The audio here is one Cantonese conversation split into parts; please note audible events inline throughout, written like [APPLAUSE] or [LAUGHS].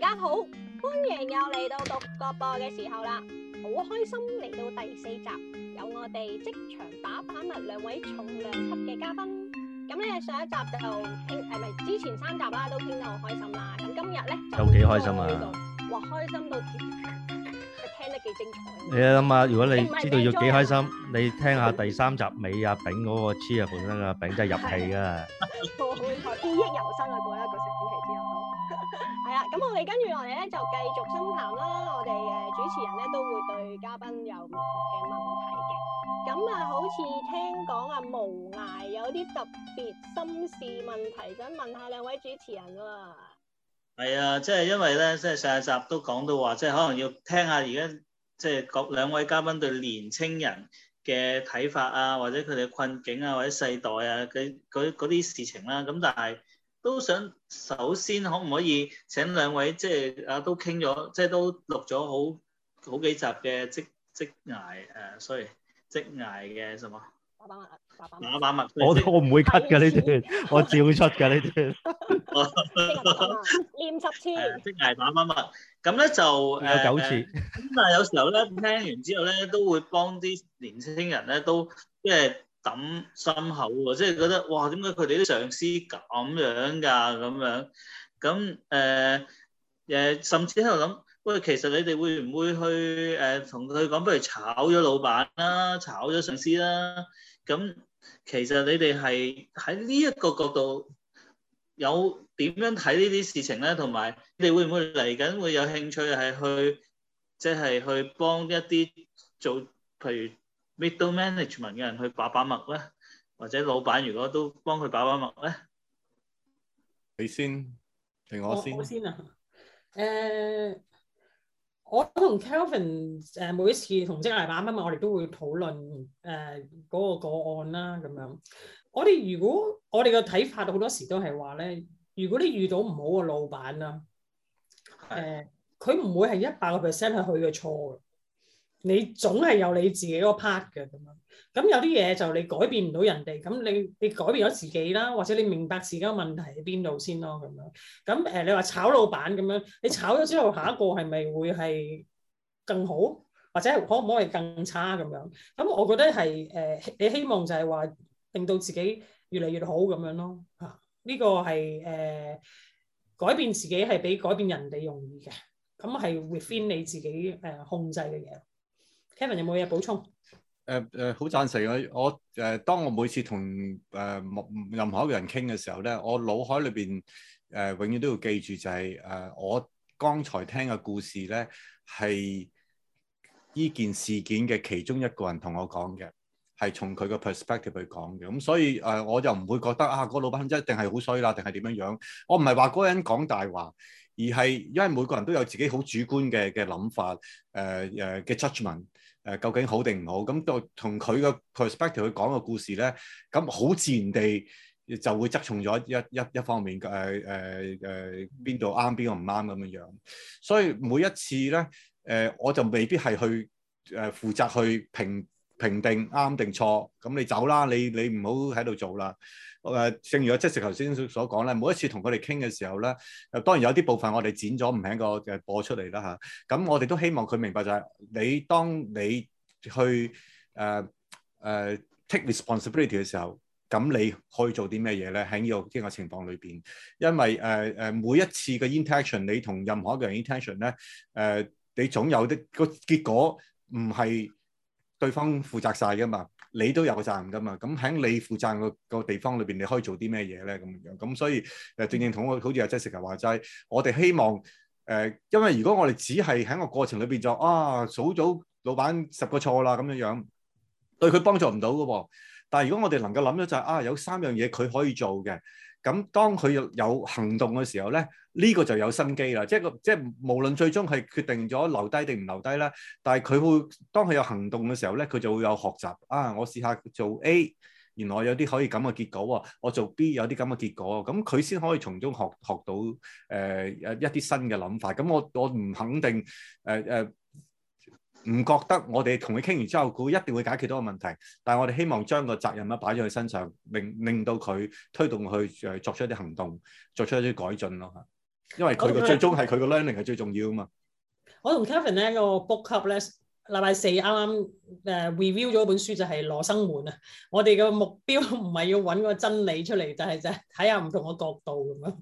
大家好，歡迎又嚟到獨角播嘅時候啦，好開心嚟到第四集，有我哋職場打板物兩位重量級嘅嘉賓。咁咧上一集就傾係咪？之前三集啦都傾得好開心啦。咁今日咧就幾開心啊，話開心到，你聽得幾精彩。你諗下，如果你知道要幾開心，你聽下第三集尾阿炳嗰個黐啊，本身阿炳真係入戲啊。次聽講啊無涯有啲特別心事問題，想問下兩位主持人啊。係啊，即係因為咧，即係上一集都講到話，即係可能要聽下而家即係各兩位嘉賓對年青人嘅睇法啊，或者佢哋嘅困境啊，或者世代啊，嗰啲事情啦、啊。咁但係都想首先可唔可以請兩位即係啊都傾咗，即係都錄咗好好幾集嘅職職涯誒，所以。職涯嘅什麼？把把脈，把把脈。我都我唔會 cut 嘅呢段，我照出嘅呢段。唸十次。職涯把把脈，咁咧就誒。有九次。咁但係有時候咧，聽完之後咧，都會幫啲年青人咧，都即係抌心口喎，即係覺得哇，點解佢哋啲上司咁樣噶咁樣？咁誒，誒，甚至喺度諗。喂，其實你哋會唔會去誒同佢講，不如炒咗老闆啦，炒咗上司啦？咁其實你哋係喺呢一個角度有點樣睇呢啲事情咧，同埋你哋會唔會嚟緊會有興趣係去，即係去幫一啲做譬如 middle management 嘅人去把把脈咧，或者老闆如果都幫佢把把脈咧？你先，定我先？我先啊，誒。我同 Kelvin 誒每一次同職涯把脈啊嘛，剛剛我哋都會討論誒嗰個個案啦咁樣。我哋如果我哋嘅睇法，好多時都係話咧，如果你遇到唔好嘅老闆啦，誒佢唔會係一百個 percent 係佢嘅錯嘅。你總係有你自己嗰 part 嘅，咁樣，咁有啲嘢就你改變唔到人哋，咁你你改變咗自己啦，或者你明白自己嘅問題喺邊度先咯咁樣。咁誒，你話炒老闆咁樣，你炒咗之後下一個係咪會係更好，或者可唔可以更差咁樣？咁我覺得係誒、呃，你希望就係話令到自己越嚟越好咁樣咯。吓、啊、呢、這個係誒、呃、改變自己係比改變人哋容易嘅，咁係 within 你自己誒、呃、控制嘅嘢。Kevin 有冇嘢補充？誒誒，好贊成啊！我誒，uh, 當我每次同誒、uh, 任何一個人傾嘅時候咧，我腦海裏邊誒永遠都要記住就係、是、誒，uh, 我剛才聽嘅故事咧係依件事件嘅其中一個人同我講嘅，係從佢嘅 perspective 去講嘅。咁所以誒，uh, 我就唔會覺得啊，嗰、那個老闆一定係好衰啦，定係點樣樣？我唔係話嗰個人講大話，而係因為每個人都有自己好主觀嘅嘅諗法，誒、uh, 誒嘅 judgement。誒究竟好定唔好？咁就同佢嘅 perspective 去講個故事咧，咁好自然地就會側重咗一一一方面誒誒誒邊度啱邊個唔啱咁嘅樣。所以每一次咧誒、呃，我就未必係去誒負、呃、責去評。評定啱定錯，咁你走啦，你你唔好喺度做啦。誒、呃，正如我即時頭先所講咧，每一次同佢哋傾嘅時候咧，誒當然有啲部分我哋剪咗，唔係個誒播出嚟啦嚇。咁、啊、我哋都希望佢明白就係、是，你當你去誒誒、呃呃、take responsibility 嘅時候，咁你可以做啲咩嘢咧？喺呢個呢個情況裏邊，因為誒誒、呃、每一次嘅 interaction 你同任何一個人 interaction 咧、呃，誒你總有啲、那個結果唔係，對方負責晒噶嘛，你都有責任噶嘛。咁喺你負責個個地方裏邊，你可以做啲咩嘢咧？咁樣咁所以誒，正正同好似阿 j 成日話齋就係，我哋希望誒、呃，因為如果我哋只係喺個過程裏邊就啊，早早老闆十個錯啦咁樣樣，對佢幫助唔到噶。但係如果我哋能夠諗咗就係、是、啊，有三樣嘢佢可以做嘅。咁當佢有有行動嘅時候咧，呢個就有心機啦。即係個即係無論最終係決定咗留低定唔留低啦，但係佢會當佢有行動嘅時候咧，佢就會有學習啊！我試下做 A，原來有啲可以咁嘅結果喎；我做 B 有啲咁嘅結果，咁佢先可以從中學學到誒誒、呃、一啲新嘅諗法。咁我我唔肯定誒誒。呃呃唔覺得我哋同佢傾完之後，佢一定會解決到個問題。但係我哋希望將個責任咧擺咗佢身上，令令到佢推動佢誒作出一啲行動，作出一啲改進咯嚇。因為佢嘅最終係佢嘅 learning 係最重要啊嘛。我同 Kevin 咧、個 book club 咧，禮拜四啱啱誒 review 咗本書，就係，就係《羅生門》啊。我哋個目標唔係要揾個真理出嚟，就係就睇下唔同個角度咁樣。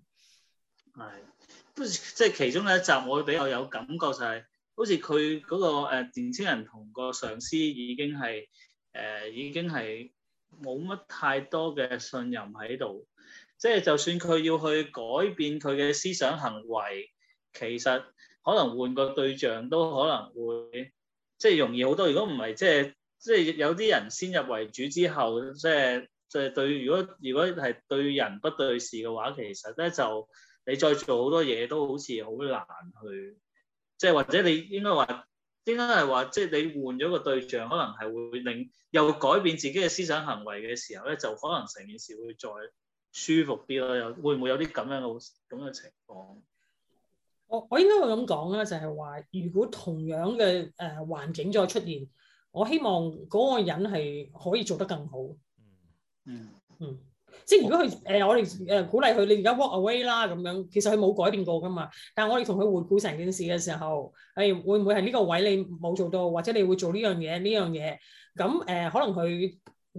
係，即係其中有一集我會比較有感覺就係、係。好似佢嗰個呃年青人同個上司已經係誒、呃、已經係冇乜太多嘅信任喺度，即係就算佢要去改變佢嘅思想行為，其實可能換個對象都可能會即係容易好多。如果唔係即係即係有啲人先入為主之後，即係即係對如果如果係對人不對事嘅話，其實咧就你再做好多嘢都好似好難去。即係或者你應該話，應該係話，即係你換咗個對象，可能係會令又改變自己嘅思想行為嘅時候咧，就可能成件事會再舒服啲咯。有會唔會有啲咁樣嘅咁嘅情況？我我應該會咁講啦，就係話如果同樣嘅誒環境再出現，我希望嗰個人係可以做得更好。嗯嗯嗯。嗯即係如果佢誒、呃、我哋誒鼓勵佢，你而家 walk away 啦咁樣，其實佢冇改變過㗎嘛。但係我哋同佢回顧成件事嘅時候，係、欸、會唔會係呢個位你冇做到，或者你會做呢樣嘢呢樣嘢？咁、呃、誒，可能佢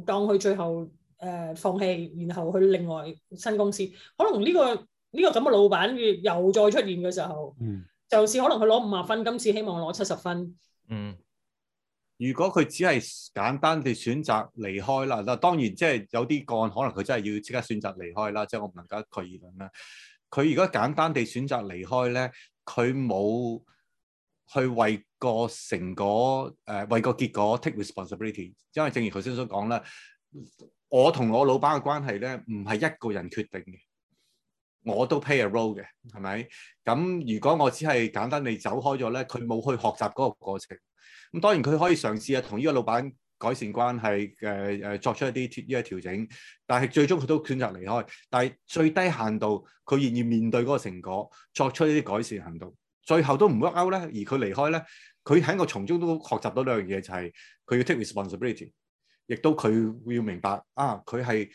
當佢最後誒、呃、放棄，然後去另外新公司，可能呢、這個呢、這個咁嘅老闆又再出現嘅時候，嗯，就是可能佢攞五十分，今次希望攞七十分，嗯。如果佢只係簡單地選擇離開啦，嗱，當然即係有啲個案可能佢真係要即刻選擇離開啦，即係我唔能夠一概而論啦。佢如果簡單地選擇離開咧，佢冇去為個成果誒、呃、為個結果 take responsibility，因為正如頭先所講啦，我同我老闆嘅關係咧唔係一個人決定嘅。我都 play a role 嘅，係咪？咁如果我只係簡單地走開咗咧，佢冇去學習嗰個過程。咁當然佢可以嘗試啊，同呢個老闆改善關係嘅誒，作出一啲呢個調整。但係最終佢都選擇離開。但係最低限度，佢願意面對嗰個成果，作出一啲改善行動。最後都唔 work out 咧，而佢離開咧，佢喺我從中都學習到兩樣嘢，就係、是、佢要 take responsibility，亦都佢要明白啊，佢係。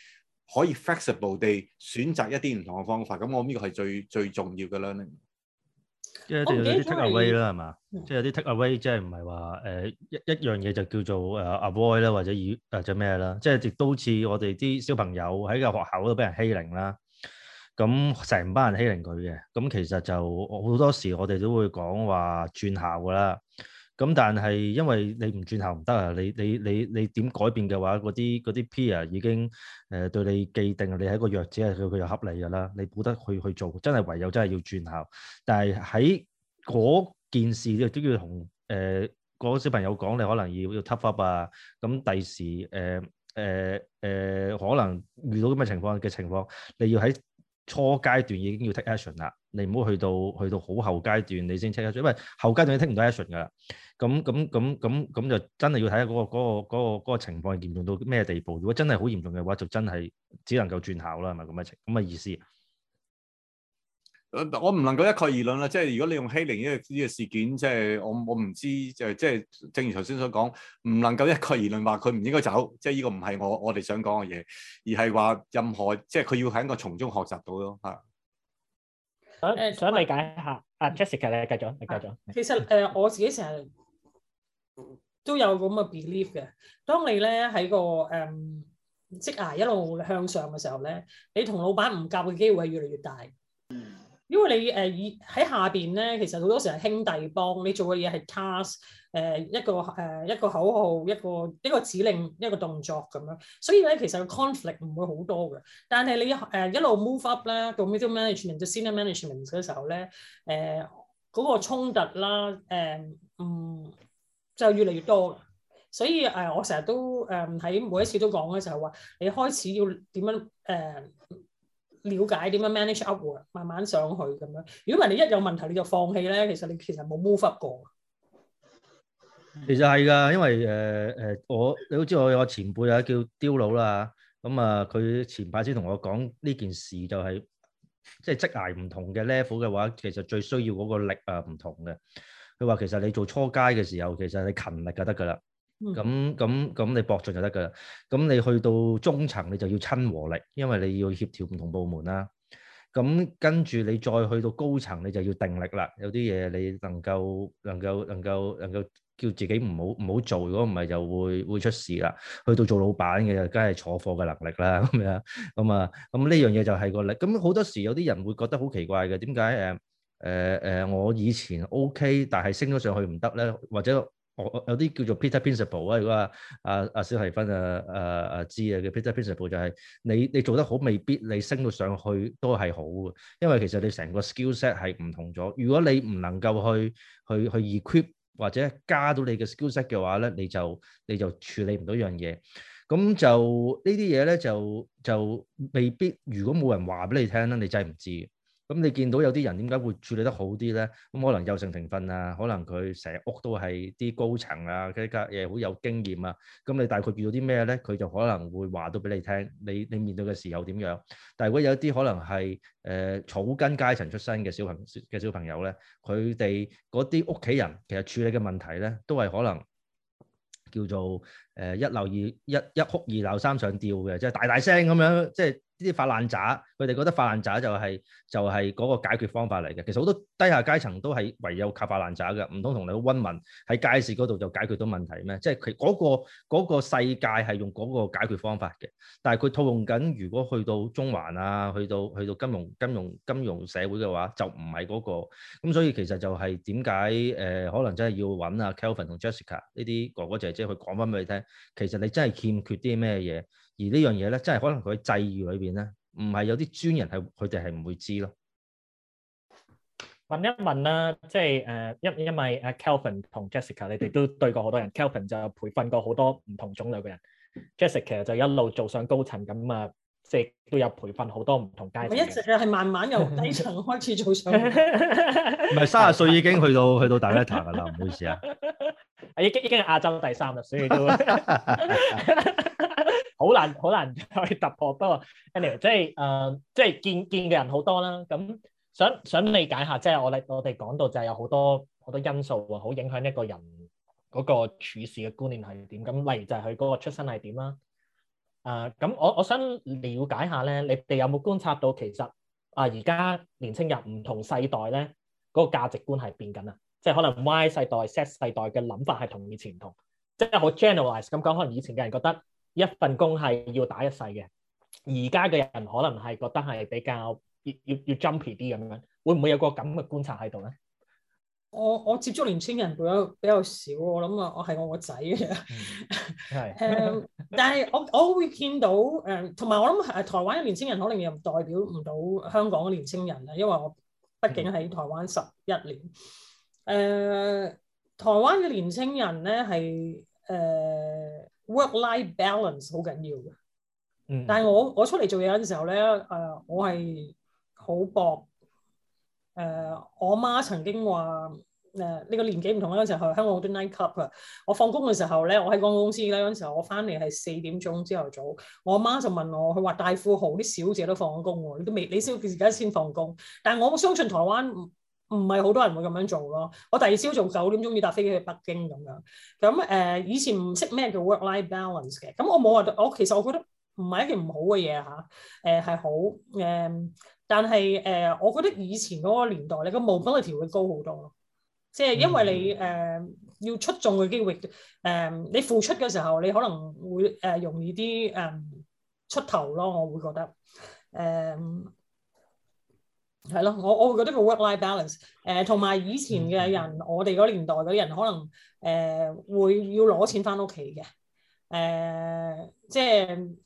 可以 flexible 地選擇一啲唔同嘅方法，咁我呢個係最最重要嘅啦。即係有啲 take away 啦，係嘛？即係有啲 take away，即係唔係話誒一一樣嘢就叫做誒 avoid 啦，或者以或者咩啦？即係亦都好似我哋啲小朋友喺個學校度俾人欺凌啦，咁成班人欺凌佢嘅，咁其實就好多時我哋都會講話轉校噶啦。咁但係因為你唔轉校唔得啊！你你你你點改變嘅話，嗰啲啲 peer 已經誒、呃、對你既定，你係一個弱者，佢佢又恰你㗎啦。你冇得去去做，真係唯有真係要轉校。但係喺嗰件事都要同誒、呃嗰個小朋友講，你可能要要 top up 啊。咁第時誒誒誒可能遇到咁嘅情況嘅情況，你要喺初階段已經要 take action 啦。你唔好去到去到好後階段，你先聽一出，因為後階段你聽唔到一瞬噶啦。咁咁咁咁咁，就真係要睇下嗰個嗰、嗰個嗰個嗰個情況嚴重到咩地步。如果真係好嚴重嘅話，就真係只能夠轉校啦，係咪咁嘅咁嘅意思？我唔能夠一概而論啦。即係如果你用欺凌呢呢個事件，即係我我唔知，就即係正如頭先所講，唔能夠一概而論話佢唔應該走。即係呢個唔係我我哋想講嘅嘢，而係話任何即係佢要喺個從中學習到咯嚇。想誒，想理解一下，阿、嗯啊、Jessica 咧繼續，你繼續。其實誒、呃，我自己成日都有咁嘅 belief 嘅。當你咧喺個誒職涯一路向上嘅時候咧，你同老闆唔夾嘅機會係越嚟越大。因為你誒以喺下邊咧，其實好多時係兄弟幫你做嘅嘢係 task 誒一個誒、呃、一個口號，一個，一個指令，一個動作，咁樣，所以咧其實個 conflict 唔會好多嘅。但係你誒、呃、一路 move up 咧，到 middle management 到 senior management 嘅時候咧，誒、呃、嗰、那個衝突啦，誒、呃、嗯就越嚟越多。所以誒、呃、我成日都誒喺、呃、每一次都講嘅時候話你開始要點樣誒？呃了解點樣 manage upward 慢慢上去咁樣。如果唔係你一有問題你就放棄咧，其實你其實冇 move up 過。其實係噶，因為誒誒、呃，我你好知我有個前輩啊，叫刁佬啦。咁、呃、啊，佢前排先同我講呢件事、就係，就係即係職涯唔同嘅 level 嘅話，其實最需要嗰個力啊唔同嘅。佢話其實你做初階嘅時候，其實你勤力就得噶啦。咁咁咁你搏盡就得噶啦，咁你去到中層，你就要親和力，因為你要協調唔同部門啦。咁跟住你再去到高層，你就要定力啦。有啲嘢你能夠、能夠能夠能夠叫自己唔好唔好做，如果唔係就會會出事啦。去到做老闆嘅，梗係坐貨嘅能力啦，咁 [LAUGHS] 樣咁啊，咁呢樣嘢就係個力。咁好多時有啲人會覺得好奇怪嘅，點解誒誒誒我以前 OK，但係升咗上去唔得咧，或者？我有啲叫做 Peter Principle 啊，如果啊啊啊小提芬啊啊啊知啊嘅 Peter Principle 就係你你做得好，未必你升到上去都係好嘅，因為其實你成個 skill set 係唔同咗。如果你唔能夠去去去去 equip 或者加到你嘅 skill set 嘅話咧，你就你就處理唔到一樣嘢。咁就呢啲嘢咧就就未必。如果冇人話俾你聽啦，你真係唔知。咁、嗯、你見到有啲人點解會處理得好啲咧？咁、嗯、可能幼承庭訓啊，可能佢成屋都係啲高層啊，佢隔家嘢好有經驗啊。咁你大概遇到啲咩咧？佢就可能會話到俾你聽。你你面對嘅時候點樣？但係如果有啲可能係誒、呃、草根階層出身嘅小朋嘅小朋友咧，佢哋嗰啲屋企人其實處理嘅問題咧，都係可能叫做誒、呃、一鬧二一一哭二鬧三上吊嘅，即、就、係、是、大大聲咁樣即係。就是啲發爛渣，佢哋覺得發爛渣就係就係嗰個解決方法嚟嘅。其實好多低下階層都係唯有靠發爛渣嘅，唔通同你温文喺街市嗰度就解決到問題咩？即係佢嗰個嗰個世界係用嗰個解決方法嘅。但係佢套用緊，如果去到中環啊，去到去到金融金融金融社會嘅話，就唔係嗰個。咁所以其實就係點解誒，可能真係要揾阿 Kelvin 同 Jessica 呢啲哥哥姐姐去講翻俾你聽。其實你真係欠缺啲咩嘢？而呢樣嘢咧，真係可能佢際遇裏邊。唔係有啲專人係佢哋係唔會知咯。問一問啦，即係誒，因因為阿 Kelvin 同 Jessica，你哋都對過好多人。Kelvin 就培訓過好多唔同種類嘅人，Jessica 其實就一路做上高層，咁啊，即係都有培訓好多唔同階層。一直係慢慢由低層開始做上。唔係卅歲已經去到去到大 leader 㗎啦，唔好意思啊。已經係亞洲第三啦，所以都。好難好難去突破，不過 anyway，即係誒，即係見見嘅人好多啦。咁想想理解下，即係我哋我哋講到就係有好多好多因素啊，好影響一個人嗰個處事嘅觀念係點。咁例如就係佢嗰個出身係點啦。誒，咁我我想了解下咧，你哋有冇觀察到其實啊，而家年青人唔同世代咧嗰個價值觀係變緊啊，即係可能 Y 世代、Z 世代嘅諗法係同以前唔同，即係好 generalise 咁講，可能以前嘅人覺得。一份工係要打一世嘅，而家嘅人可能係覺得係比較要要要 jumpy 啲咁樣，會唔會有個咁嘅觀察喺度咧？我我接觸年青人比較比較少，我諗啊， [LAUGHS] [LAUGHS] 我係我個仔啊，係誒，但係我我會見到誒，同埋我諗係台灣嘅年青人可能又代表唔到香港嘅年青人啊，因為我畢竟喺台灣十一年誒、呃，台灣嘅年青人咧係誒。work-life balance 好緊要嘅，嗯、但係我我出嚟做嘢嗰陣時候咧，誒、呃、我係好薄。誒、呃、我媽曾經話誒呢個年紀唔同嗰陣時候，去香港好多 night club 啊。我放工嘅時候咧，我喺香港公司咧嗰陣時候，我翻嚟係四點鐘朝頭早。我媽就問我，佢話大富豪啲小姐都放咗工喎，你都未你先而家先放工。但係我相信台灣。唔係好多人會咁樣做咯。我第二朝早九點鐘要搭飛機去北京咁樣。咁誒、呃、以前唔識咩叫 work-life balance 嘅。咁我冇話我其實我覺得唔係一件唔好嘅嘢吓。誒、呃、係好誒、呃，但係誒、呃、我覺得以前嗰個年代你個 mobility 會高好多咯。即、就、係、是、因為你誒、呃、要出眾嘅機會誒、呃，你付出嘅時候你可能會誒、呃、容易啲誒、呃、出頭咯。我會覺得誒。呃係咯，我我會覺得個 work-life balance，誒同埋以前嘅人，嗯、我哋嗰年代嘅人可能誒、呃、會要攞錢翻屋企嘅，誒、呃、即係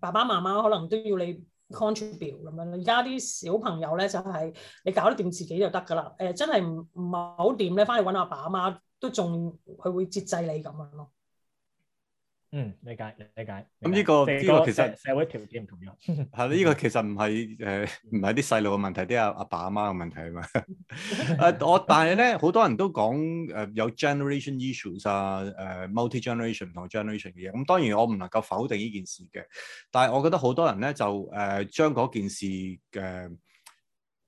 爸爸媽媽可能都要你 contribute 咁樣咯。而家啲小朋友咧就係、是、你搞得掂自己就得噶啦，誒、呃、真係唔唔係好掂咧，翻去揾阿爸阿媽都仲佢會接濟你咁樣咯。嗯，理解理解。咁呢、這個呢個，個其實社會條件唔同樣。係 [LAUGHS] 呢個其實唔係誒唔係啲細路嘅問題，啲阿阿爸阿媽嘅問題啊嘛。誒、 [LAUGHS] 呃，我 [LAUGHS] 但係咧好多人都講誒、呃、有 generation issues 啊、呃，誒 multi generation 同 generation 嘅嘢。咁、嗯、當然我唔能夠否定呢件事嘅，但係我覺得好多人咧就誒、呃、將嗰件事嘅誒。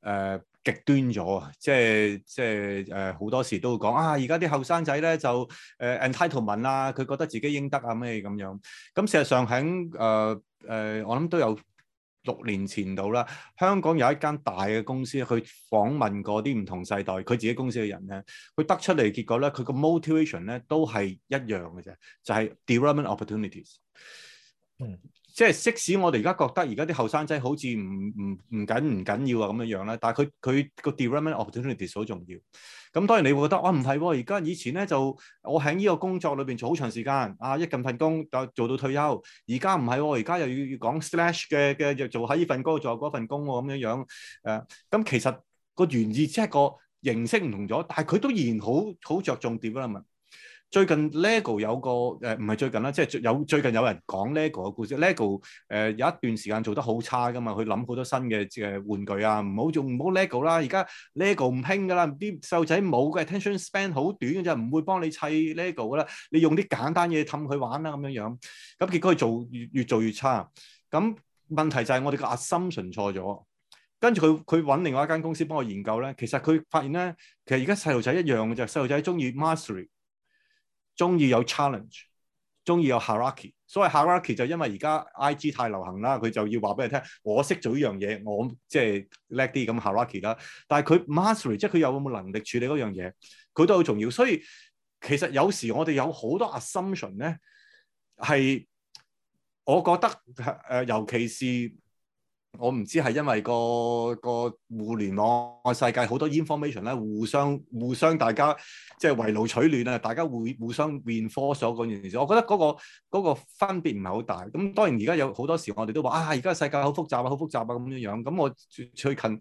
呃極端咗啊！即係即係誒，好多時都會講啊！而家啲後生仔咧就誒 entitlement 啦，佢覺得自己應得啊咩咁樣。咁事實上喺誒誒，我諗都有六年前度啦。香港有一間大嘅公司，佢訪問過啲唔同世代佢自己公司嘅人咧，佢得出嚟結果咧，佢個 motivation 咧都係一樣嘅啫，就係 development opportunities。嗯。即係，即使我哋而家覺得而家啲後生仔好似唔唔唔緊唔緊要啊咁樣樣咧，但係佢佢個 development opportunities 好重要。咁當然你會覺得，哇唔係喎。而家、哦、以前咧就我喺呢個工作裏邊做好長時間，啊一近份工就做到退休。而家唔係喎，而家又要講 slash 嘅嘅就做喺呢份工作做嗰份工咁樣、哦、樣。誒、啊，咁、嗯、其實個原意即係、就是、個形式唔同咗，但係佢都依然好好着重 development。最近 Lego 有個誒，唔、呃、係最近啦，即係有最近有人講 Lego 嘅故事。Lego 誒、呃、有一段時間做得好差噶嘛，佢諗好多新嘅誒玩具啊，唔好做唔好 Lego 啦。而家 Lego 唔興噶啦，啲細路仔冇嘅 attention span 好短嘅就唔會幫你砌 Lego 噶啦。你用啲簡單嘢氹佢玩啦，咁樣樣咁結果佢做越越做越差。咁問題就係我哋個 assumption 錯咗，跟住佢佢揾另外一間公司幫我研究咧。其實佢發現咧，其實而家細路仔一樣嘅就係細路仔中意 Mastery。中意有 challenge，中意有 Hierarchy。所謂 Hierarchy 就因為而家 IG 太流行啦，佢就要話俾你聽，我識做呢樣嘢，我即係叻啲咁 Hierarchy 啦。但係佢 mastery，即係佢有冇能力處理嗰樣嘢，佢都好重要。所以其實有時我哋有好多 assumption 咧，係我覺得誒、呃，尤其是。我唔知係因為個個互聯網世界好多 information 咧，互相互相大家即係圍爐取暖啊，大家互互相變科所嗰件事，我覺得嗰個嗰個分別唔係好大。咁當然而家有好多時我，我哋都話啊，而家世界好複，複雜啊，好複雜啊咁樣樣。咁我最近誒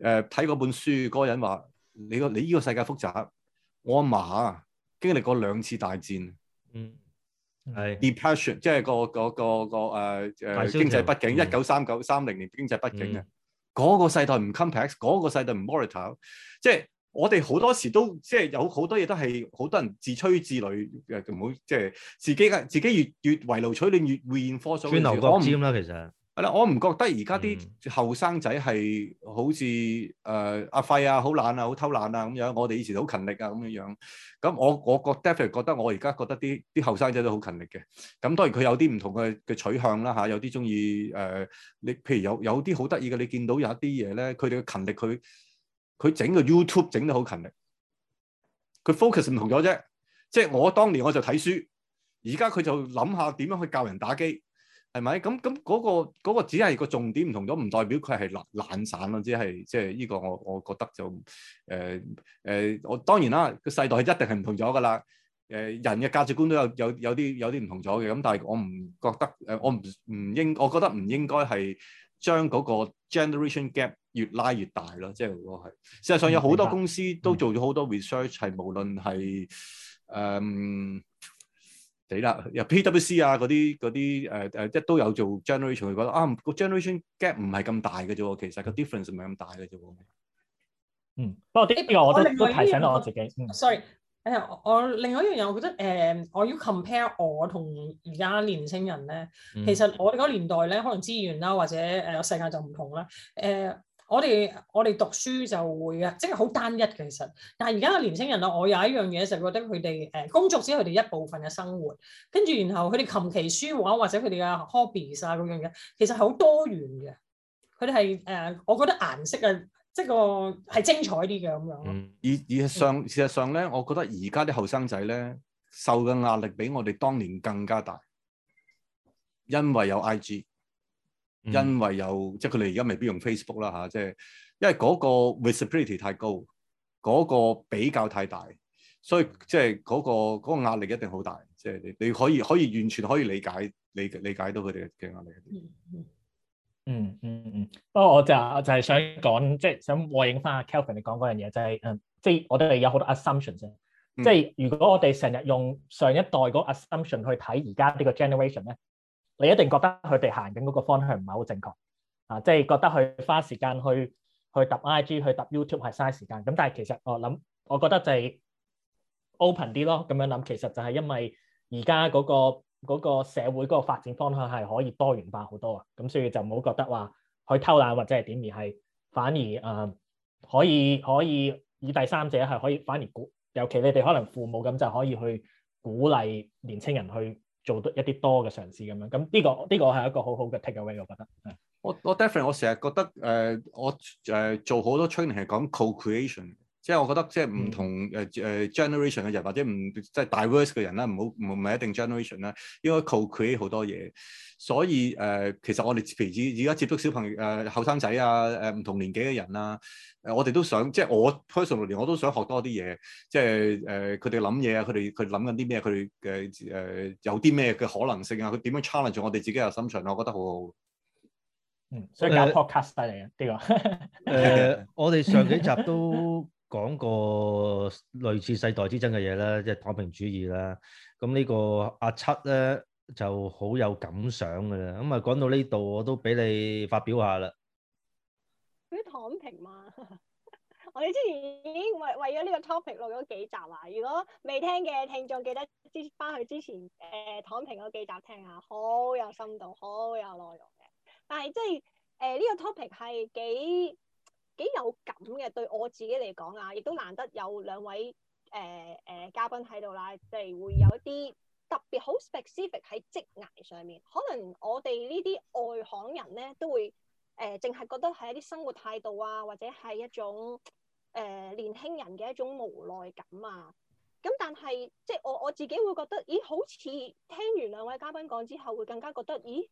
睇嗰本書，嗰個人話：你個你依個世界複雜，我阿嫲啊經歷過兩次大戰。嗯。係 depression，即係、那個、那個、那個、那個誒誒、uh, uh, 經濟不景，一九三九三零年經濟不景嘅，嗰、嗯、個世代唔 complex，嗰個世代唔 monitor，即係我哋好多時都即係有好多嘢都係好多人自吹自擂唔好即係自己嘅自己越越圍爐取暖越 reinforce，鑽牛角尖啦，其實。係啦，我唔覺得而家啲後生仔係好似誒、嗯呃、阿費啊，好懶、啊、懶啊，好偷懶啊咁樣。我哋以前好勤力啊咁樣樣。咁我我個 d a 覺得我而家覺得啲啲後生仔都好勤力嘅。咁當然佢有啲唔同嘅嘅取向啦嚇、啊，有啲中意誒。你譬如有有啲好得意嘅，你見到有一啲嘢咧，佢哋嘅勤力佢佢整個 YouTube 整得好勤力。佢 focus 唔同咗啫。即、就、係、是、我當年我就睇書，而家佢就諗下點樣去教人打機。係咪？咁咁嗰個嗰個只係個重點唔同咗，唔代表佢係懶懶散咯，即係即係呢個我我覺得就誒誒，我、呃呃、當然啦，個世代係一定係唔同咗㗎啦。誒、呃、人嘅價值觀都有有有啲有啲唔同咗嘅，咁但係我唔覺得誒，我唔唔應，我覺得唔應該係將嗰個 generation gap 越拉越大咯。即係如果係實際上有好多公司都做咗好多 research 係、嗯、無論係誒。嗯死啦！又 PWC 啊，嗰啲嗰啲誒誒，即係、呃呃、都有做 generation，覺得啊個 generation gap 唔係咁大嘅啫喎，其實個 difference 唔係咁大嘅啫喎。嗯，不過呢邊我我都提醒到我自己。Sorry，誒、欸、我另外一樣嘢、嗯，我覺得誒、呃、我要 compare 我同而家年青人咧，嗯、其實我哋嗰年代咧，可能資源啦或者誒、呃、世界就唔同啦。誒、呃。我哋我哋讀書就會啊，即係好單一其實。但係而家嘅年輕人啊，我有一樣嘢就覺得佢哋誒工作只係佢哋一部分嘅生活，跟住然後佢哋琴棋書畫或者佢哋嘅 hobbies 啊嗰樣嘢，其實係好多元嘅。佢哋係誒，我覺得顏色啊，即係個係精彩啲嘅咁樣。嗯、而而上事實上咧，我覺得而家啲後生仔咧，受嘅壓力比我哋當年更加大，因為有 IG。因為有即係佢哋而家未必用 Facebook 啦嚇、啊，即係因為嗰個 visibility 太高，嗰、嗰個比較太大，所以即係嗰、那個嗰壓、那個、力一定好大。即係你你可以可以完全可以理解理理解到佢哋嘅壓力。 [NOISE] 嗯嗯嗯不過我就就係想講，即係想回應翻阿 Kelvin 你講嗰樣嘢，就係、是、誒，即、就、係、是就是、我哋有好多 assumption 啫。即係、嗯、如果我哋成日用上一代嗰 assumption 去睇而家呢個 generation 咧？你一定覺得佢哋行緊嗰個方向唔係好正確啊！即係覺得佢花時間去去揼 IG、去揼 YouTube 係嘥時間。咁但係其實我諗，我覺得就係 open 啲咯。咁樣諗，其實就係因為而家嗰個社會嗰個發展方向係可以多元化好多啊！咁所以就唔好覺得話去偷懶或者係點，而係反而誒、呃、可以可以以第三者係可以反而鼓，尤其你哋可能父母咁就可以去鼓勵年青人去。做得一啲多嘅嘗試，咁樣、這個。咁、這、呢個呢個係一個好好嘅 takeaway，我覺得。我我 definitely 我成日覺得誒、呃，我誒、呃、做好多 training 係講 co-creation。即係我覺得即、嗯，即係唔同誒誒 generation 嘅人，或者唔即係 diverse 嘅人啦，唔好唔係一定 generation 啦，應該 co-create 好多嘢。所以誒、呃，其實我哋譬如而家接觸小朋友誒後生仔啊，誒、呃、唔、呃、同年紀嘅人啊、呃，我哋都想即係我 personally，我都想學多啲嘢。即係誒，佢哋諗嘢啊，佢哋佢諗緊啲咩？佢哋嘅誒有啲咩嘅可能性啊？佢點樣 challenge 我哋自己嘅心情，我覺得好好。嗯，所以搞 podcast 低嚟嘅呢、呃呢個。誒、 [LAUGHS] 呃，我哋上幾集都講過類似世代之爭嘅嘢啦，即係躺平主義啦。咁呢個阿七咧就好有感想噶啦。咁啊，講到呢度，我都俾你發表下啦。佢躺平嘛？ [LAUGHS] 我哋之前已經為為咗呢個 topic 錄咗幾集啦、啊。如果未聽嘅聽眾，記得之返去之前誒躺平嗰幾集聽下，好有深度，好有內容嘅。但係即係誒呢個 topic 係幾幾有感嘅，對我自己嚟講啊，亦都難得有兩位誒誒、呃呃、嘉賓喺度啦，即係會有一啲特別好 specific 喺職涯上面，可能我哋呢啲外行人咧都會誒，淨、呃、係覺得係一啲生活態度啊，或者係一種誒、呃、年輕人嘅一種無奈感啊。咁但係即係我我自己會覺得，咦，好似聽完兩位嘉賓講之後，會更加覺得，咦，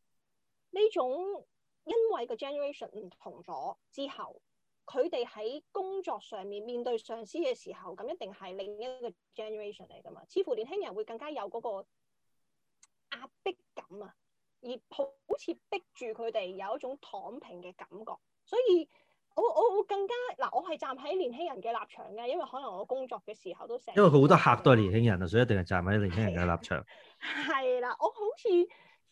呢種因為個 generation 唔同咗之後。佢哋喺工作上面面對上司嘅時候，咁一定係另一個 generation 嚟㗎嘛？似乎年輕人會更加有嗰個壓迫感啊，而好似逼住佢哋有一種躺平嘅感覺。所以我我我更加嗱，我係站喺年輕人嘅立場嘅，因為可能我工作嘅時候都成因為好多客都係年輕人啊，所以一定係站喺年輕人嘅立場。係啦，我好似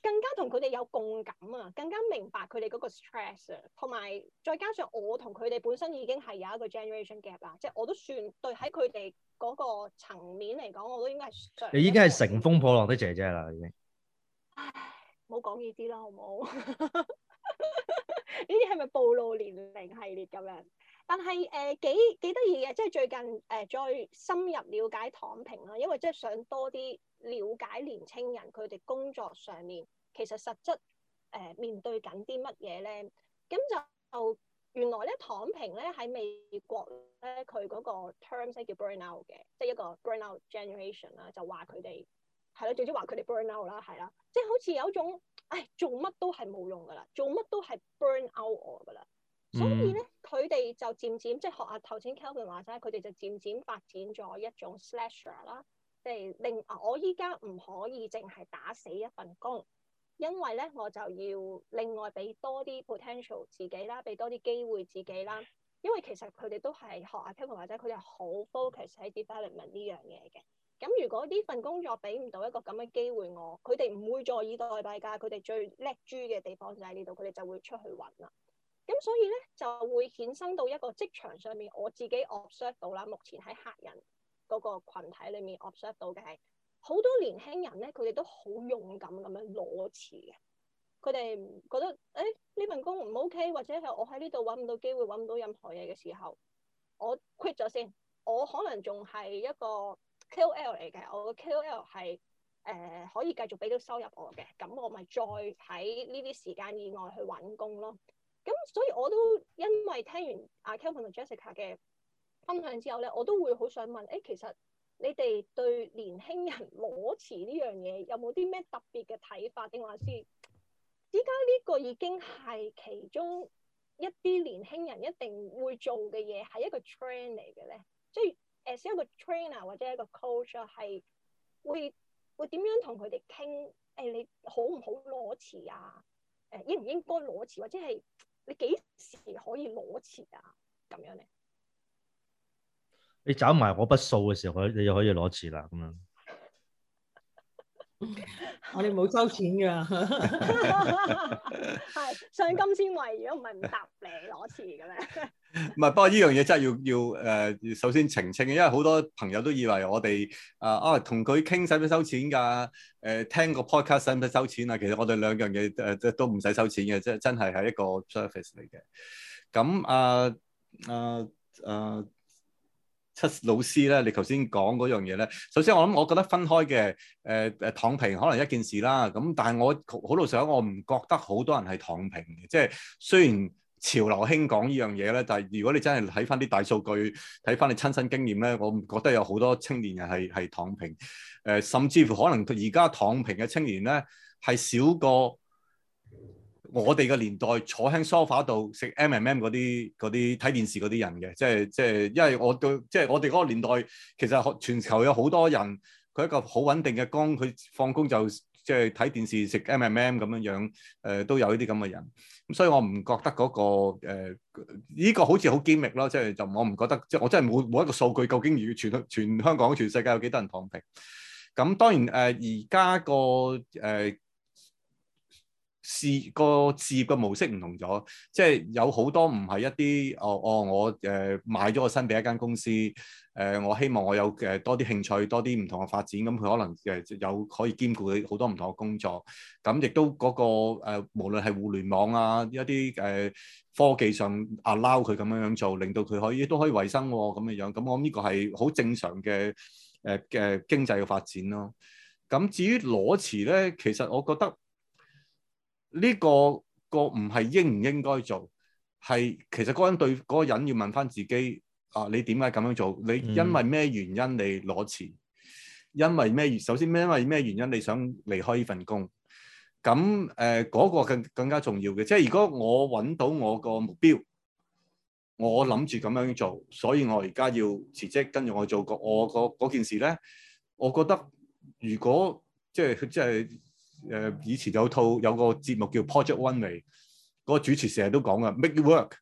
更加同佢哋有共感啊，更加明白佢哋嗰個 stress，啊。同埋再加上我同佢哋本身已經係有一個 generation gap 啦，即係我都算對喺佢哋嗰個層面嚟講，我都應該係。你已經係乘風破浪的姐姐啦，已經。唉，唔好講呢啲啦，好唔好？呢啲係咪暴露年齡系列咁樣？但係誒幾幾得意嘅，即係最近誒再，呃、深入了解躺平啦，因為即係想多啲了解年青人佢哋工作上面其實實質誒，呃、面對緊啲乜嘢咧。咁就原來咧躺平咧喺美國咧，佢嗰個 terms 咧叫 burnout 嘅，即係一個 burnout generation 啦，就話佢哋係咯，總之話佢哋 burnout 啦，係啦，即係好似有一種誒做乜都係冇用噶啦，做乜都係 burn out 我噶啦，所以咧。嗯佢哋就漸漸即係學阿頭先 Kelvin 話齋，佢哋就漸漸發展咗一種 slasher 啦，即係令我依家唔可以淨係打死一份工，因為咧我就要另外俾多啲 potential 自己啦，俾多啲機會自己啦。因為其實佢哋都係學阿 Kelvin 話齋佢哋好 focus 喺 development 呢樣嘢嘅。咁如果呢份工作俾唔到一個咁嘅機會我，佢哋唔會再依度待大家，佢哋最叻豬嘅地方就喺呢度，佢哋就會出去揾啦。咁所以咧就會衍生到一個職場上面，我自己 observe 到啦。目前喺客人嗰個羣體裡面 observe 到嘅係好多年輕人咧，佢哋都好勇敢咁樣裸辭嘅。佢哋覺得誒呢、欸、份工唔 OK，或者係我喺呢度揾唔到機會，揾唔到任何嘢嘅時候，我 quit 咗先。我可能仲係一個 KOL 嚟嘅，我嘅 KOL 係誒、呃、可以繼續俾到收入我嘅，咁我咪再喺呢啲時間以外去揾工咯。咁、嗯、所以我都因為聽完阿 Kelvin 同 Jessica 嘅分享之後咧，我都會好想問，誒、欸、其實你哋對年輕人裸辭呢樣嘢有冇啲咩特別嘅睇法？定還係依家呢個已經係其中一啲年輕人一定會做嘅嘢，係一個 train 嚟嘅咧？即係 as 一個 trainer 或者一個 coach 係、啊、會會點樣同佢哋傾？誒、欸、你好唔好裸辭啊？誒應唔應該裸辭或者係？你幾時可以攞錢啊？咁樣咧，你找埋我筆數嘅時候，你就可以攞錢啦，咁樣。我哋冇收錢噶係上金先維，如果唔係唔答你攞錢嘅咩？唔係， [LAUGHS] [LAUGHS] 不過呢樣嘢真係要要誒、呃，首先澄清嘅，因為好多朋友都以為我哋、呃、啊啊同佢傾使唔使收錢噶、啊？誒、呃，聽個 podcast 使唔使收錢啊？其實我哋兩樣嘢誒都唔使收錢嘅，即係真係係一個 service 嚟嘅。咁啊啊啊！呃呃呃呃老師咧，你頭先講嗰樣嘢咧，首先我諗，我覺得分開嘅誒誒躺平可能一件事啦。咁但係我好老實講，我唔覺得好多人係躺平嘅。即係雖然潮流興講呢樣嘢咧，但係如果你真係睇翻啲大數據，睇翻你親身經驗咧，我唔覺得有好多青年人係係躺平。誒、呃，甚至乎可能而家躺平嘅青年咧，係少過我哋嘅年代坐喺 sofa 度食 M and M 嗰啲啲睇電視嗰啲人嘅，即係即係因為我對即係我哋嗰個年代，其實全球有好多人，佢一個好穩定嘅工，佢放工就即係睇電視食、MM、M and M 咁樣樣，誒、呃、都有呢啲咁嘅人。咁所以我唔覺得嗰、嗰個呢、呃這個好似好機密咯，即係就我唔覺得，即係我真係冇冇一個數據，究竟全全香港全世界有幾多人躺平。咁當然誒而家個誒。呃試個事業嘅模式唔同咗，即係有好多唔係一啲哦哦，我誒、呃、買咗個身俾一間公司誒、呃，我希望我有誒、呃、多啲興趣，多啲唔同嘅發展，咁、嗯、佢可能誒有，有可以兼顧佢好多唔同嘅工作，咁、嗯、亦都嗰、那個誒、呃，無論係互聯網啊一啲誒、呃、科技上 allow 佢咁樣樣做，令到佢可以都可以維生喎咁嘅樣。咁我諗呢個係好正常嘅誒誒經濟嘅發展咯。咁、嗯、至於裸辭咧，其實我覺得。呢、這個個唔係應唔應該做，係其實嗰個人對嗰個人要問翻自己啊，你點解咁樣做？你因為咩原因你攞錢？因為咩？首先，咩？因為咩原因你想離開呢份工？咁誒嗰個更更加重要嘅，即係如果我揾到我個目標，我諗住咁樣做，所以我而家要辭職跟住我做個我嗰件事咧，我覺得如果即係即係。誒以前有套有個節目叫 Project One 嚟，個主持成日都講啊，make it work。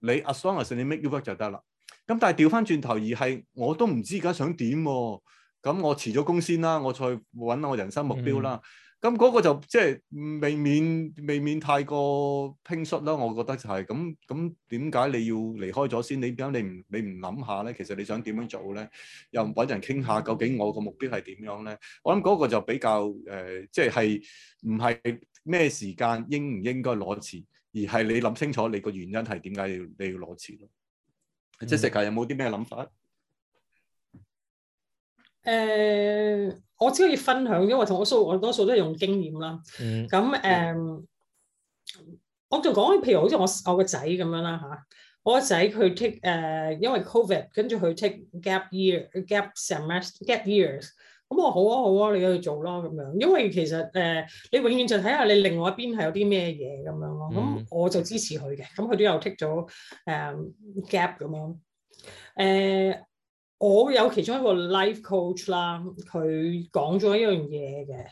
你 as long as 你 make it work 就得啦。咁但係調翻轉頭而係我都唔知而家想點喎、啊。咁我辭咗工先啦，我再揾我人生目標啦。嗯咁嗰個就即係未免未免太過拼摔啦，我覺得就係咁咁點解你要離開咗先？你點解你唔你唔諗下咧？其實你想點樣做咧？又唔揾人傾下，究竟我個目標係點樣咧？我諗嗰個就比較誒，即係唔係咩時間應唔應該攞錢，而係你諗清楚你個原因係點解要你要攞錢咯？嗯、即係世界有冇啲咩諗法？誒，uh, 我只可以分享，因為同我數，我多數都係用經驗啦。咁誒、mm，hmm. um, 我仲講，譬如好似我我我個仔咁樣啦吓，我個仔佢 take 誒、uh,，因為 covid，跟住佢 take gap year，gap semester，gap years。咁我好啊好啊，你去做咯咁樣，因為其實誒，uh, 你永遠就睇下你另外一邊係有啲咩嘢咁樣咯。咁、mm hmm. 我就支持佢嘅，咁佢都有 take 咗誒、um, gap 咁樣。誒、uh,。我有其中一個 life coach 啦，佢講咗一樣嘢嘅。誒、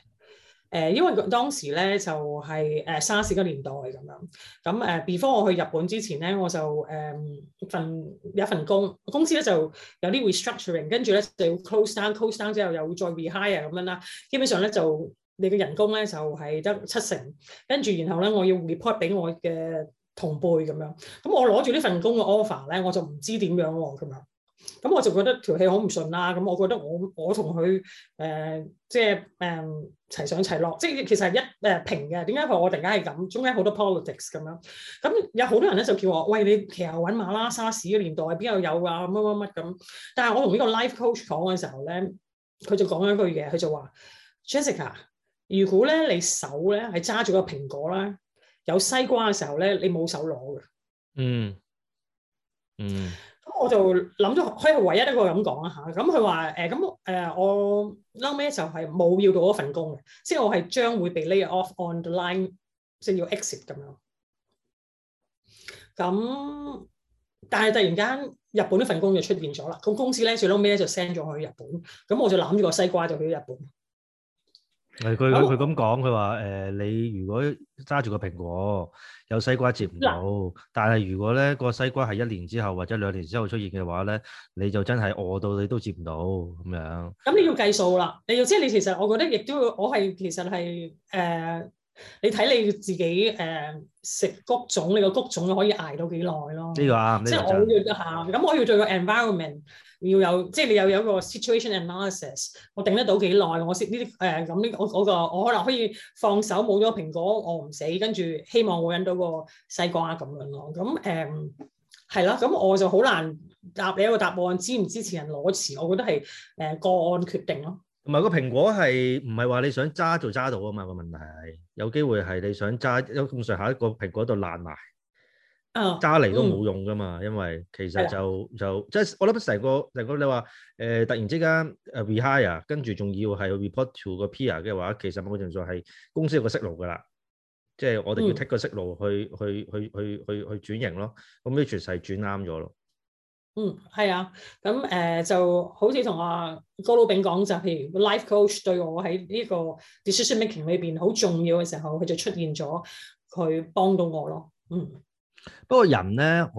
呃，因為當時咧就係誒沙士年代咁樣。咁誒，before 我去日本之前咧，我就誒份、呃、有一份工，公司咧就有啲 restructuring，跟住咧就 close down，close down 之後又會再 rehire 咁樣啦。基本上咧就你嘅人工咧就係得七成，跟住然後咧我要 report 俾我嘅同輩咁樣。咁我攞住呢份工嘅 offer 咧，我就唔知點樣喎咁樣。咁我就覺得條氣好唔順啦，咁我覺得我我同佢誒即係誒齊上齊落，即係其實係一誒、呃、平嘅。點解我突然間係咁？中間好多 politics 咁樣。咁有好多人咧就叫我喂，你，其實搵馬拉沙士嘅年代邊度有，有啊？乜乜乜咁。但係我同呢個 life coach 講嘅時候咧，佢就講咗一句嘢，佢就話 Jessica，如果咧你手咧係揸住個蘋果啦，有西瓜嘅時候咧，你冇手攞嘅。嗯，嗯。我就諗咗，可以唯一一個咁講啊嚇。咁佢話誒咁誒，我嬲尾就係冇要到嗰份工嘅，即係我係將會被 lay off on the line，即係要 exit 咁樣。咁但係突然間日本呢份工就出現咗啦，咁公司咧最嬲尾咧就 send 咗去日本，咁我就攬住個西瓜就去日本。係佢佢咁講，佢話誒你如果揸住個蘋果，有西瓜接唔到，那但係如果咧個西瓜係一年之後或者兩年之後出現嘅話咧，你就真係餓到你都接唔到咁樣。咁你要計數啦，你要即係你其實我覺得亦都我係其實係誒、呃，你睇你自己誒、呃、食谷種，你個谷種可以捱到幾耐咯？呢個啊，這個就是、即係我要嚇，咁、啊、我要對個 environment。要有即係你又有個 situation analysis，我頂得到幾耐？我呢啲誒咁呢？我我可能可以放手冇咗蘋果，我唔死，跟住希望我引到個西瓜啊咁樣咯。咁誒係啦，咁我就好難答你一個答案，支唔支持人裸辭？我覺得係誒個案決定咯。唔係個蘋果係唔係話你想揸就揸到啊嘛？個問題有機會係你想揸，有咁上下一個蘋果度爛埋。揸嚟、uh，都冇用噶嘛，因為其實就、嗯、就即係、就是、我諗成個成、嗯、個你話誒、呃、突然之間誒 rehire 跟住仲要係 report to 個 peer 嘅話，其實某種程度係公司有個思路噶啦，即係我哋要 take 個思路去、嗯、去去去去去，去，去，去轉型咯，咁呢件事係轉啱咗咯。嗯，係啊，咁誒、呃、就好似同阿高老炳講就係 life coach 對我喺呢個 decision making 裏邊好重要嘅時候，佢就出現咗，佢幫到我咯，嗯。不過人咧好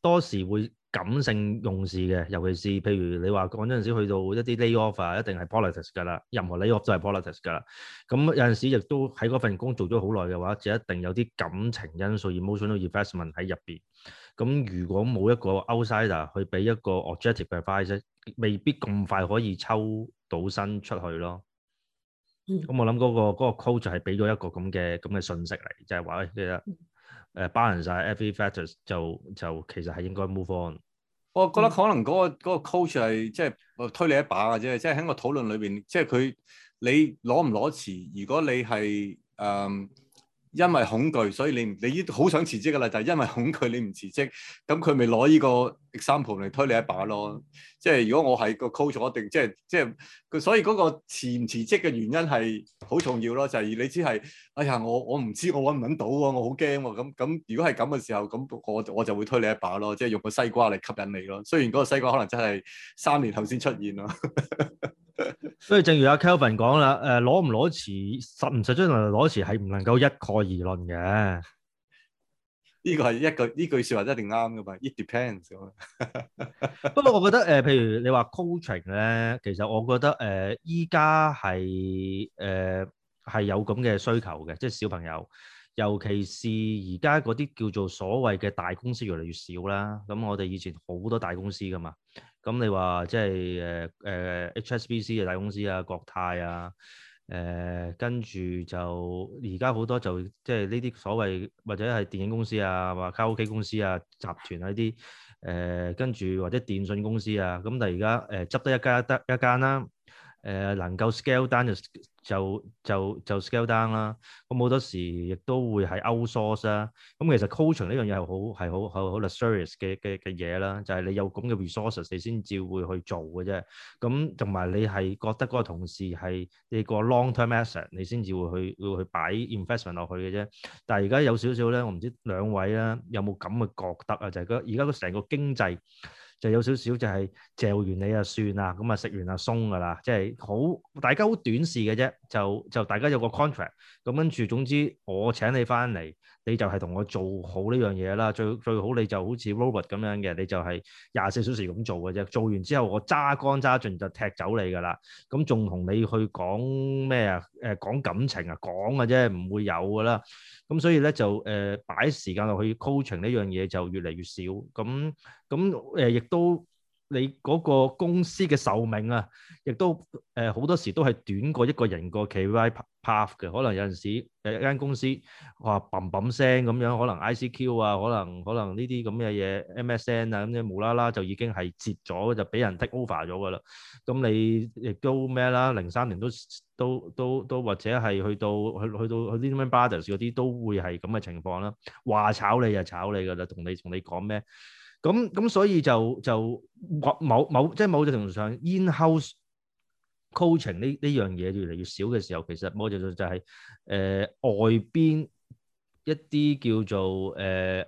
多時會感性用事嘅，尤其是譬如你話講，有陣時去到一啲 lay off 啊，一定係 politics 噶啦，任何 lay off 都係 politics 噶啦。咁有陣時亦都喺嗰份工做咗好耐嘅話，就一定有啲感情因素 （emotional investment） 喺入邊。咁如果冇一個 outsider 去俾一個 objective advice，未必咁快可以抽到身出去咯。咁我諗嗰、嗰個、嗰個 coach 就係俾咗一個咁嘅咁嘅信息嚟，就係話咧。哎誒、uh, balance 曬 every factors 就就其實係應該 move on I think、mm。我覺得可能嗰個嗰個 coach 係即係我推你一把嘅啫，即係喺個討論裏邊，即係佢你攞唔攞詞？如果你係誒。因為恐懼，所以你你依好想辭職噶啦，就係、是、因為恐懼你唔辭職，咁佢咪攞呢個 example 嚟推你一把咯。即係如果我係個 coach，我一定即係即係佢，所以嗰個辭唔辭職嘅原因係好重要咯。就係、是、你只係，哎呀，我我唔知我揾唔揾到喎，我好驚喎。咁咁如果係咁嘅時候，咁我我就會推你一把咯。即係用個西瓜嚟吸引你咯。雖然嗰個西瓜可能真係三年後先出現咯。 [LAUGHS] [LAUGHS] 所以正如阿 Kelvin 講啦，誒、呃，攞唔攞錢，實唔實足能攞錢係唔能夠一概而論嘅。呢 [LAUGHS] 個係一句呢句說話一定啱噶嘛？It depends。不過我覺得誒、呃，譬如你話 Coaching 咧，其實我覺得誒，依家係誒係有咁嘅需求嘅，即係小朋友，尤其是而家嗰啲叫做所謂嘅大公司越嚟越少啦。咁我哋以前好多大公司噶嘛。咁你話即係、呃、H S B C 嘅大公司啊，國泰啊，誒跟住就而家好多就即係呢啲所謂或者係電影公司啊或卡拉 OK 公司啊集團啊，呢啲誒，跟住或者電信公司啊，咁但係而家誒，執得一家得一間啦。誒、呃、能夠 scale down 就就就 scale down 啦，咁好多時亦都會係 outsource 啦。咁、嗯、其實 coaching 呢樣嘢係好係好係好 luxurious 嘅嘅嘅嘢啦，就係、是、你有咁嘅 resources 你先至會去做嘅啫。咁同埋你係覺得嗰個同事係你個 long-term asset，你先至會去會去擺 investment 落去嘅啫。但係而家有少少咧，我唔知兩位啦有冇咁嘅覺得啊？就係而家個成個經濟。就有少少就係嚼完你就算啦，咁啊食完就鬆噶啦，即係大家好短視嘅啫，就大家有個 contract 咁樣住，總之我請你返嚟。你就係同我做好呢樣嘢啦，最最好你就好似 Robert 咁樣嘅，你就係廿四小時咁做嘅啫。做完之後我揸乾揸盡就踢走你噶啦，咁仲同你去講咩啊？誒、呃、講感情啊，講嘅啫，唔會有噶啦。咁所以咧就誒擺、呃、時間落去 coaching 呢樣嘢就越嚟越少，咁咁誒亦都。你嗰個公司嘅壽命啊，亦都誒好、呃、多時都係短過一個人個 career path 嘅。可能有陣時誒一間公司話砰砰聲咁樣，可能 ICQ 啊，可能可能呢啲咁嘅嘢 MSN 啊，咁樣無啦啦就已經係截咗，就俾人 take over 咗㗎啦。咁你亦都咩啦？零三年都都都都或者係去到去去到去啲咩 brothers 嗰啲都會係咁嘅情況啦。話炒你就炒你㗎啦，同你同你講咩？咁咁、嗯、所以就就某某，某即係某種程度上，in-house coaching 呢呢樣嘢越嚟越少嘅時候，其實我就就係誒外邊一啲叫做誒誒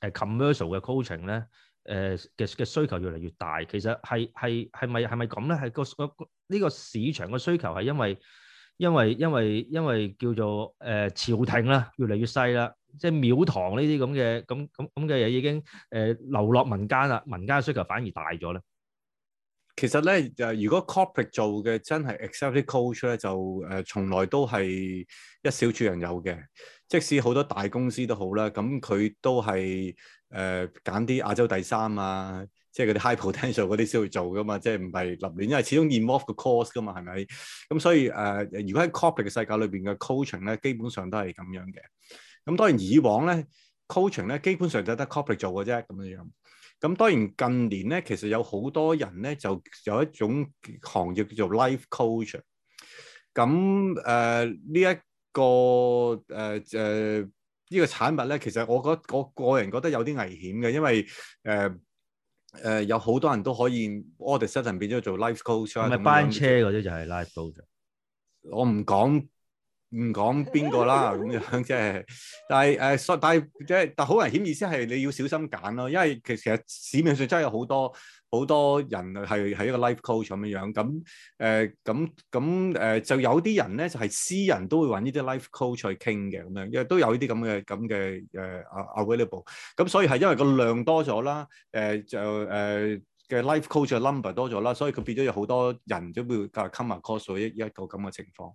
誒 commercial 嘅 coaching 咧，誒嘅嘅需求越嚟越大。其實係係係咪係咪咁咧？係個個呢個市場嘅需求係因為因為因為因為，因為叫做誒、呃、朝廷啦，越嚟越細啦。即係廟堂呢啲咁嘅咁咁咁嘅嘢已經誒、呃、流落民間啦，民間需求反而大咗咧。其實咧就、呃、如果 corporate 做嘅真係 executive coach 咧，就誒、呃、從來都係一小撮人有嘅，即使好多大公司都好啦，咁佢都係誒揀啲亞洲第三啊，即係嗰啲 high potential 嗰啲先去做噶嘛，即係唔係立亂，因為始終 involve 個 cost 噶嘛，係咪？咁所以誒、呃、如果喺 corporate 嘅世界裏邊嘅 coaching 咧，基本上都係咁樣嘅。咁、嗯、當然以往咧 coaching 咧基本上就得 copy 做嘅啫咁樣樣。咁、嗯、當然近年咧，其實有好多人咧就有一種行業叫做 life coach。咁誒呢一個誒誒呢個產品咧，其實我覺得我個人覺得有啲危險嘅，因為誒誒、呃呃、有好多人都可以 understand 變咗做 life coach 啊。咪班車嗰啲就係 life coach。我唔講。唔講邊個啦，咁樣即係，但係誒，但係即係，但好危險，意思係你要小心揀咯，因為其實市面上真係有好多好多人係係一個 life coach 咁樣，咁誒，咁咁誒，就有啲人咧就係私人都會揾呢啲 life coach 去傾嘅，咁樣因為都有呢啲咁嘅咁嘅誒 available，咁所以係因為個量多咗啦，誒就誒。呃嘅 life coach 嘅 number 多咗啦，所以佢變咗有好多人都會加 come across 一一個咁嘅情況。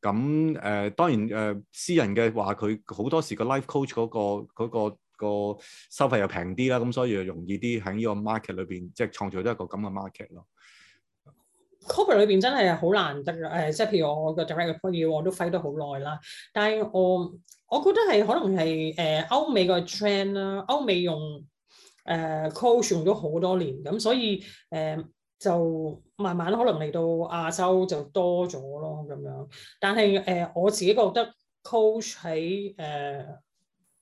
咁誒當然誒私人嘅話，佢好多時個 life coach 嗰個嗰個嗰個收費又平啲啦，咁所以又容易啲喺呢個 market 裏邊即係創造咗一個咁嘅 market 咯。Cover 裏邊真係好難得誒，即係譬如我個 direct call 我都揮得好耐啦，但係我我覺得係可能係誒歐美個 trend 啦，歐美用。誒、uh, Coach 用咗好多年，咁所以誒、uh, 就慢慢可能嚟到亞洲就多咗咯咁樣，但係誒、uh, 我自己覺得 Coach 喺誒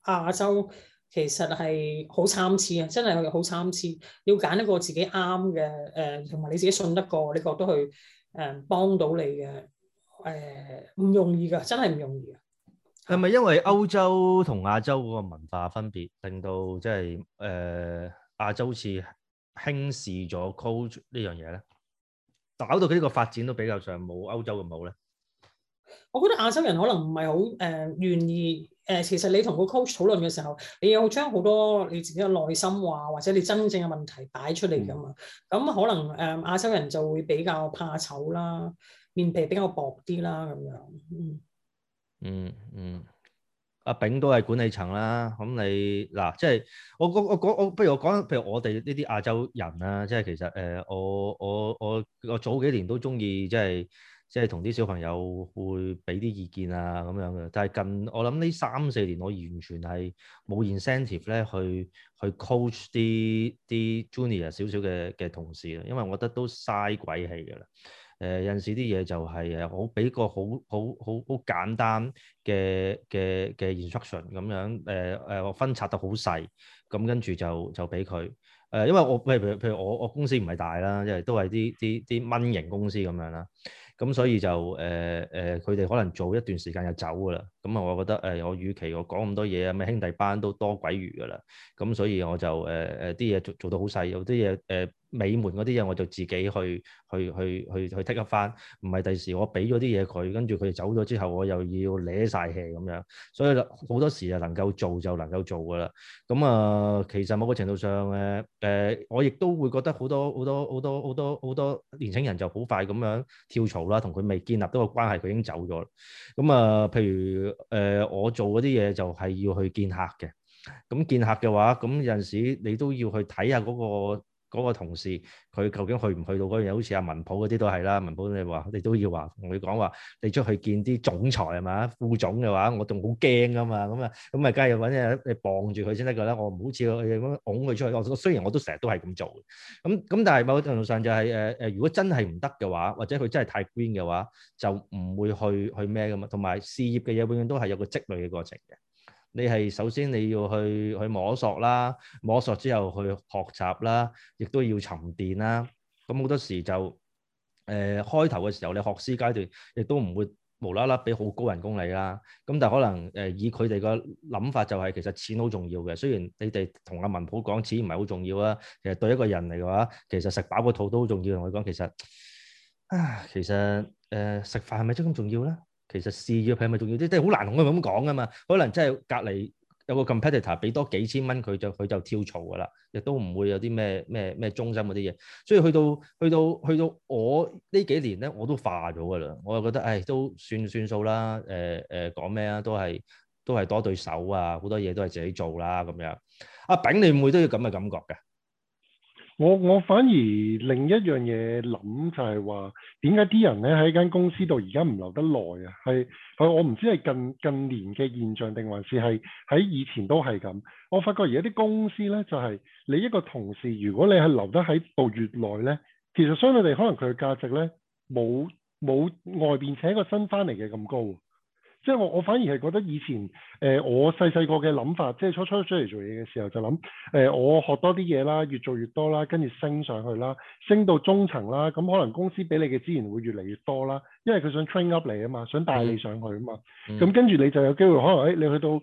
亞洲其實係好參差啊，真係好參差。要揀一個自己啱嘅誒，同、uh, 埋你自己信得過，你覺得去誒幫到你嘅誒，唔、uh, 容易噶，真係唔容易啊！係咪因為歐洲同亞洲嗰個文化分別，令到即係誒亞洲好似輕視咗 coach 呢樣嘢咧？搞到佢呢個發展都比較上冇歐洲咁好咧。我覺得亞洲人可能唔係好誒願意誒、呃，其實你同個 coach 討論嘅時候，你要將好多你自己嘅內心話或者你真正嘅問題擺出嚟㗎嘛。咁、嗯、可能誒、呃、亞洲人就會比較怕醜啦，嗯、面皮比較薄啲啦，咁樣嗯。嗯嗯，阿、啊、炳都係管理層啦。咁、嗯、你嗱，即係我我我我不如我講，譬如我哋呢啲亞洲人啊，即係其實誒，我我我我早幾年都中意，即係即係同啲小朋友會俾啲意見啊咁樣嘅。但係近我諗呢三四年，我完全係冇 incentive 咧，去去 coach 啲啲 junior 少少嘅嘅同事啦，因為我覺得都嘥鬼氣噶啦。誒、呃、有陣時啲嘢就係誒好俾個好好好好簡單嘅嘅嘅 instruction，咁樣誒誒、呃呃、我分拆得好細，咁跟住就就俾佢誒，因為我譬如譬如我我公司唔係大啦，即係都係啲啲蚊型公司咁樣啦，咁所以就誒誒佢哋可能做一段時間就走㗎啦。咁啊、嗯，我覺得誒、呃，我與其我講咁多嘢啊，咩兄弟班都多鬼餘噶啦。咁、嗯、所以我就誒誒啲嘢做做到好細，有啲嘢誒尾門嗰啲嘢，我就自己去去去去去剔一翻。唔係第時我俾咗啲嘢佢，跟住佢走咗之後，我又要攣晒氣咁樣。所以好多時啊，能夠做就能夠做噶啦。咁、嗯、啊，其實某個程度上誒誒、呃，我亦都會覺得好多好多好多好多好多年青人就好快咁樣跳槽啦，同佢未建立到個關係，佢已經走咗。咁、嗯、啊，譬如～誒、呃，我做嗰啲嘢就係要去見客嘅，咁見客嘅話，咁有陣時你都要去睇下嗰、嗰個。嗰個同事佢究竟去唔去到嗰樣嘢？好似阿文普嗰啲都係啦，文普你話你都要話同佢講話，你出去見啲總裁係嘛？副總嘅話，我仲好驚㗎嘛，咁啊咁啊，梗係要揾嘢嚟傍住佢先得㗎啦。我唔好似佢咁樣擁佢出去。我我雖然我都成日都係咁做嘅，咁咁但係某程度上就係誒誒，如果真係唔得嘅話，或者佢真係太 green 嘅話，就唔會去去咩咁嘛。同埋事業嘅嘢永遠都係有個積累嘅過程嘅。你係首先你要去，去摸索啦，摸索之後去學習啦，亦都要沉澱啦。咁、嗯、好多時就誒、呃、開頭嘅時候，你學師階段亦都唔會無啦啦俾好高人工你啦。咁、嗯、但可能誒、呃、以佢哋嘅諗法就係、是、其實錢好重要嘅。雖然你哋同阿文普講錢唔係好重要啊，其實對一個人嚟嘅話，其實食飽個肚都好重要。同佢講其實啊，其實誒、呃、食飯係咪真係咁重要咧？其實試咗品咪重要啲，即係好難同佢咁講噶嘛。可能真係隔離有個 competitor 俾多幾千蚊，佢就佢就跳槽噶啦，亦都唔會有啲咩咩咩忠心嗰啲嘢。所以去到去到去到我呢幾年咧，我都化咗噶啦。我又覺得，誒都算算數啦。誒誒講咩啊？都係都係多對手啊，好多嘢都係自己做啦咁樣。阿炳，你唔會都要咁嘅感覺嘅？我我反而另一樣嘢諗就係話，點解啲人咧喺間公司度而家唔留得耐啊？係，我我唔知係近近年嘅現象定還是係喺以前都係咁。我發覺而家啲公司咧就係，你一個同事如果你係留得喺度越耐咧，其實相對地可能佢嘅價值咧冇冇外邊請一個新翻嚟嘅咁高啊。即係我我反而係覺得以前誒、呃、我細細個嘅諗法，即係初初出嚟做嘢嘅時候就諗誒、呃、我學多啲嘢啦，越做越多啦，跟住升上去啦，升到中層啦，咁可能公司俾你嘅資源會越嚟越多啦，因為佢想 train up 你啊嘛，想帶你上去啊嘛，咁跟住你就有機會可能誒你去到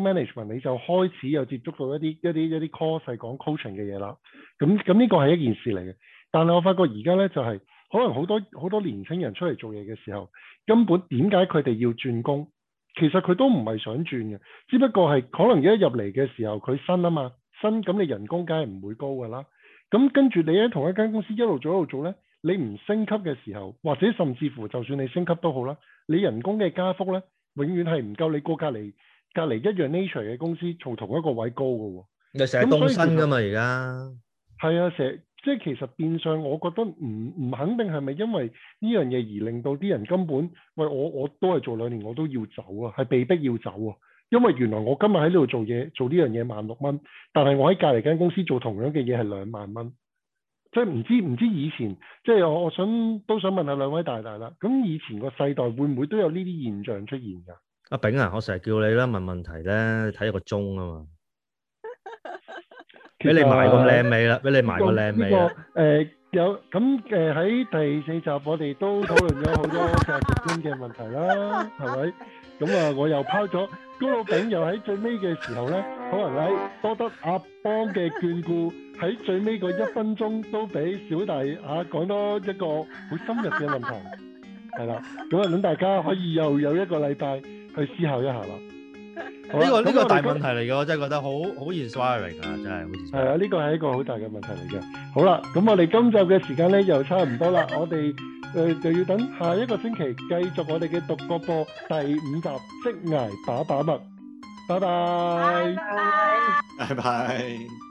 middle management 你就開始有接觸到一啲一啲一啲 course 係講 coaching 嘅嘢啦，咁咁呢個係一件事嚟嘅，但係我發覺而家咧就係、是。可能好多好多年青人出嚟做嘢嘅時候，根本點解佢哋要轉工？其實佢都唔係想轉嘅，只不過係可能一入嚟嘅時候佢新啊嘛，新咁你人工梗係唔會高㗎啦。咁跟住你喺同一間公司一路做一路做咧，你唔升級嘅時候，或者甚至乎就算你升級都好啦，你人工嘅加幅咧，永遠係唔夠你過隔離隔離一樣 nature 嘅公司做同一個位高㗎喎。你成日凍薪㗎嘛而家？係啊，成即係其實變相，我覺得唔唔肯定係咪因為呢樣嘢而令到啲人根本，喂，我我都係做兩年，我都要走啊，係被逼要走啊。因為原來我今日喺呢度做嘢做呢樣嘢萬六蚊，但係我喺隔離間公司做同樣嘅嘢係兩萬蚊。即係唔知唔知以前，即係我我想都想問下兩位大大啦。咁以前個世代會唔會都有呢啲現象出現㗎？阿炳啊，我成日叫你啦問問題咧，睇個鐘啊嘛。俾你埋個靚尾啦，俾你埋個靚尾啊！誒有咁誒喺第四集，我哋都討論咗好多價值觀嘅問題啦，係咪？咁啊，我又拋咗高老頂，又喺最尾嘅時候咧，可能喺多得阿邦嘅眷顧，喺最尾嗰一分鐘都俾小弟啊講多一個好深入嘅問題，係啦，咁啊諗大家可以又有一個禮拜去思考一下啦。呢、這個呢個大問題嚟嘅，我,我真係覺得好好 inspiring 啊，真係。係啊，呢個係一個好大嘅問題嚟嘅。好啦，咁我哋今集嘅時間咧又差唔多啦， [LAUGHS] 我哋誒、呃、就要等下一個星期繼續我哋嘅讀角貨第五集，職涯 [LAUGHS] 打打墨，拜拜，拜拜。